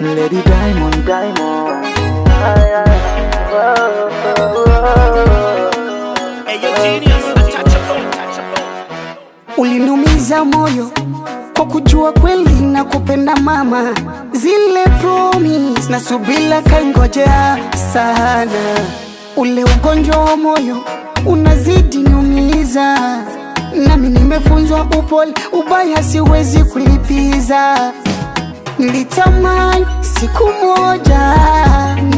Lady Diamond, Diamond. Ah, yeah. oh, oh, oh. Hey, yo, genius, Ulinumiza moyo kwa kujua kweli na kupenda mama, zile promise na subila kaingojea sana, ule ugonjwa wa moyo unazidi niumiza nami nimefunzwa upole, ubaya siwezi kulipiza. Nilitamani siku moja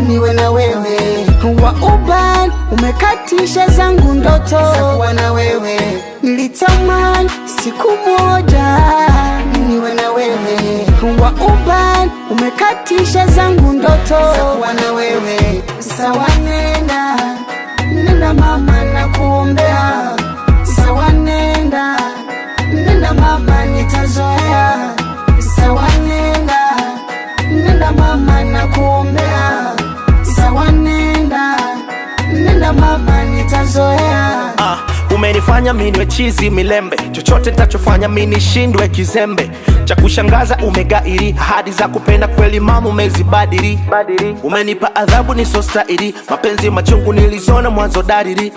niwe na wewe, wa ubani umekatisha zangu ndoto za na wewe. Nilitamani siku moja niwe na wewe, wa ubani umekatisha zangu ndoto za na wewe sawa Umenifanya minwe chizi milembe, chochote nitachofanya minishindwe kizembe. Cha kushangaza umegairi, ahadi za kupenda kweli mama umezibadili. Umenipa adhabu nisostahili, mapenzi machungu nilizona mwanzo dariri.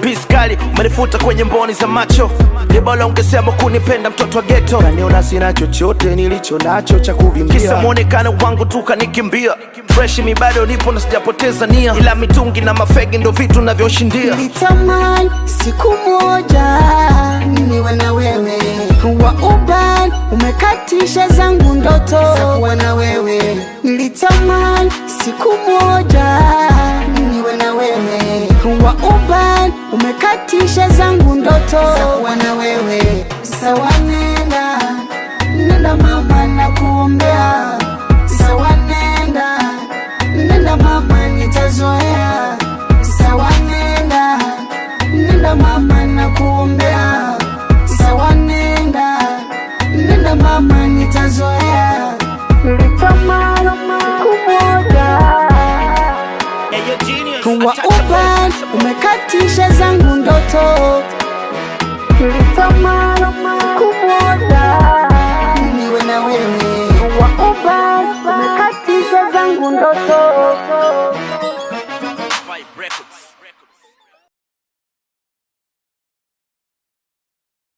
Piskali umenifuta kwenye mboni za macho, libola ungesema kunipenda mtoto wa geto. Kaniona sina chochote nilicho nacho cha kuvimbia, kisa mwonekano wangu tuka nikimbia fresh, mi bado nipo na sijapoteza nia, ila mitungi na mafegi ndo vitu navyoshindia. nitamani siku moja niwe na wewe wa ubani umekatisha zangu ndoto za na wewe. Nilitamani siku moja niwe na wewe wa ubani umekatisha zangu ndoto za na wewe sawa taban, umekatisha zangu ndoto nilitamani